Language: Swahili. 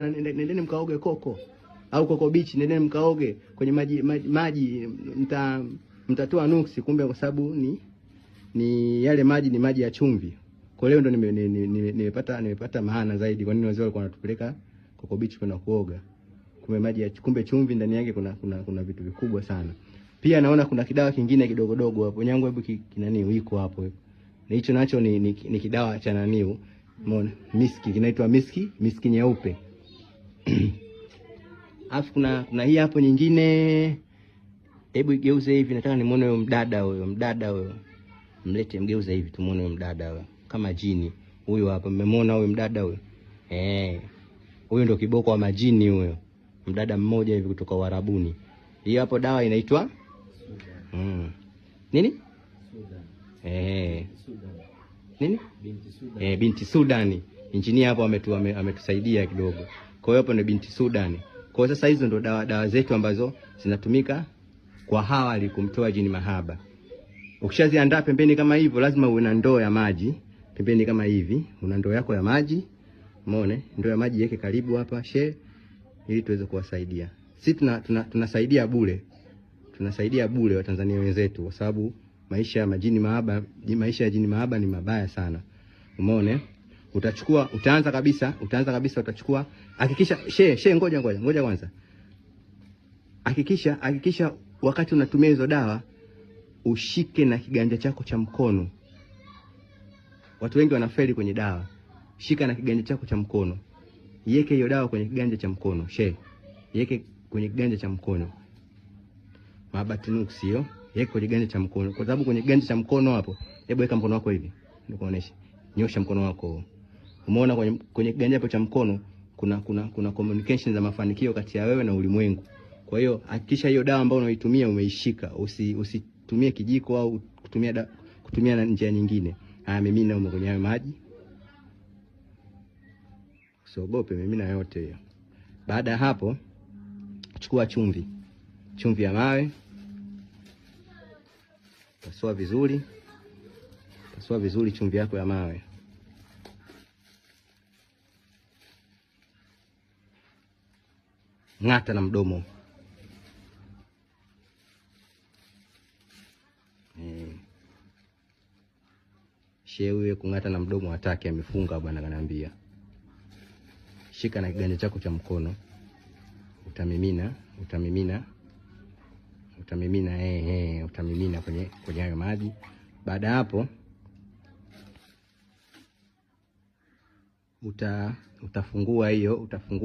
Nendeni mkaoge koko au koko bichi, nendeni mkaoge kwenye maji maji, maji mta, mtatoa nuksi. Kumbe kwa sababu ni, ni yale maji ni maji ya chumvi. Kwa leo ndo nimepata ni, ni, ni, ni, ni nimepata maana zaidi kwa nini wazee walikuwa wanatupeleka koko bichi kwenda kuoga. Kumbe maji ya kumbe chumvi ndani yake kuna kuna, kuna vitu vikubwa sana. Pia naona kuna kidawa kingine kidogo dogo hapo. Nyangu, hebu kinani iko hapo. na Hicho nacho ni, ni, ni kidawa cha naniu. mona Miski kinaitwa miski, miski nyeupe. alafu kuna, kuna hii hapo nyingine, hebu igeuze hivi, nataka nimuone huyo mdada huyo mdada huyo, mlete mgeuze hivi, tumuone huyo mdada huyo kama jini huyo hapa. Mmemwona huyo mdada huyo? Eh, huyo ndio kiboko wa majini huyo, mdada mmoja hivi kutoka Warabuni. Hiyo hapo dawa inaitwa mm. nini Sudan. Eh. Sudan. nini binti Sudani, eh, binti Sudani. Injinia hapo ametusaidia kidogo. Kwa hiyo hapo ni binti Sudan. Kwa hiyo sasa hizo ndo dawa, dawa zetu ambazo zinatumika kwa hawali kumtoa jini mahaba. Ukishaziandaa pembeni kama hivyo, lazima uwe na ndoo ya maji pembeni kama hivi, una ndoo yako ya maji. Umeona ndoo ya maji yake karibu hapa she, ili tuweze kuwasaidia. Si tuna, tuna, tunasaidia bure, tunasaidia bure Watanzania wenzetu, kwa sababu maisha ya majini mahaba, maisha ya jini mahaba ni mabaya sana. Umeona. Utachukua, utaanza kabisa, utaanza kabisa, utachukua. Hakikisha she she, ngoja ngoja ngoja kwanza, hakikisha hakikisha, wakati unatumia hizo dawa ushike na kiganja chako cha mkono. Watu wengi wanafeli kwenye dawa. Shika na kiganja chako cha mkono, yeke hiyo dawa kwenye kiganja cha mkono, she yeke kwenye kiganja cha mkono mabati mabatinuksi hiyo yeke kwenye kiganja cha mkono, kwa sababu kwenye kiganja cha mkono hapo. Hebu weka mkono wako hivi, nikuoneshe. Nyosha mkono wako huo Umeona kwenye, kwenye kiganja cha mkono kuna, kuna, kuna communication za mafanikio kati ya wewe na ulimwengu. Kwa hiyo hakikisha hiyo dawa ambayo unaitumia umeishika, usitumie usi, kijiko au kutumia da, kutumia na njia nyingine. Haya, mimina umo kwenye hayo maji, usiogope, mimina yote hiyo. Baada ya hapo, chukua chumvi, chumvi ya mawe, pasua vizuri, pasua vizuri chumvi yako ya mawe. ng'ata na mdomo e. Eh. Shewe kung'ata na mdomo hataki, amefunga bwana, kanaambia shika na kiganja chako cha mkono, utamimina utamimina utamimina eh, eh, utamimina kwenye kwenye hayo maji. Baada hapo uta, utafungua hiyo utafungua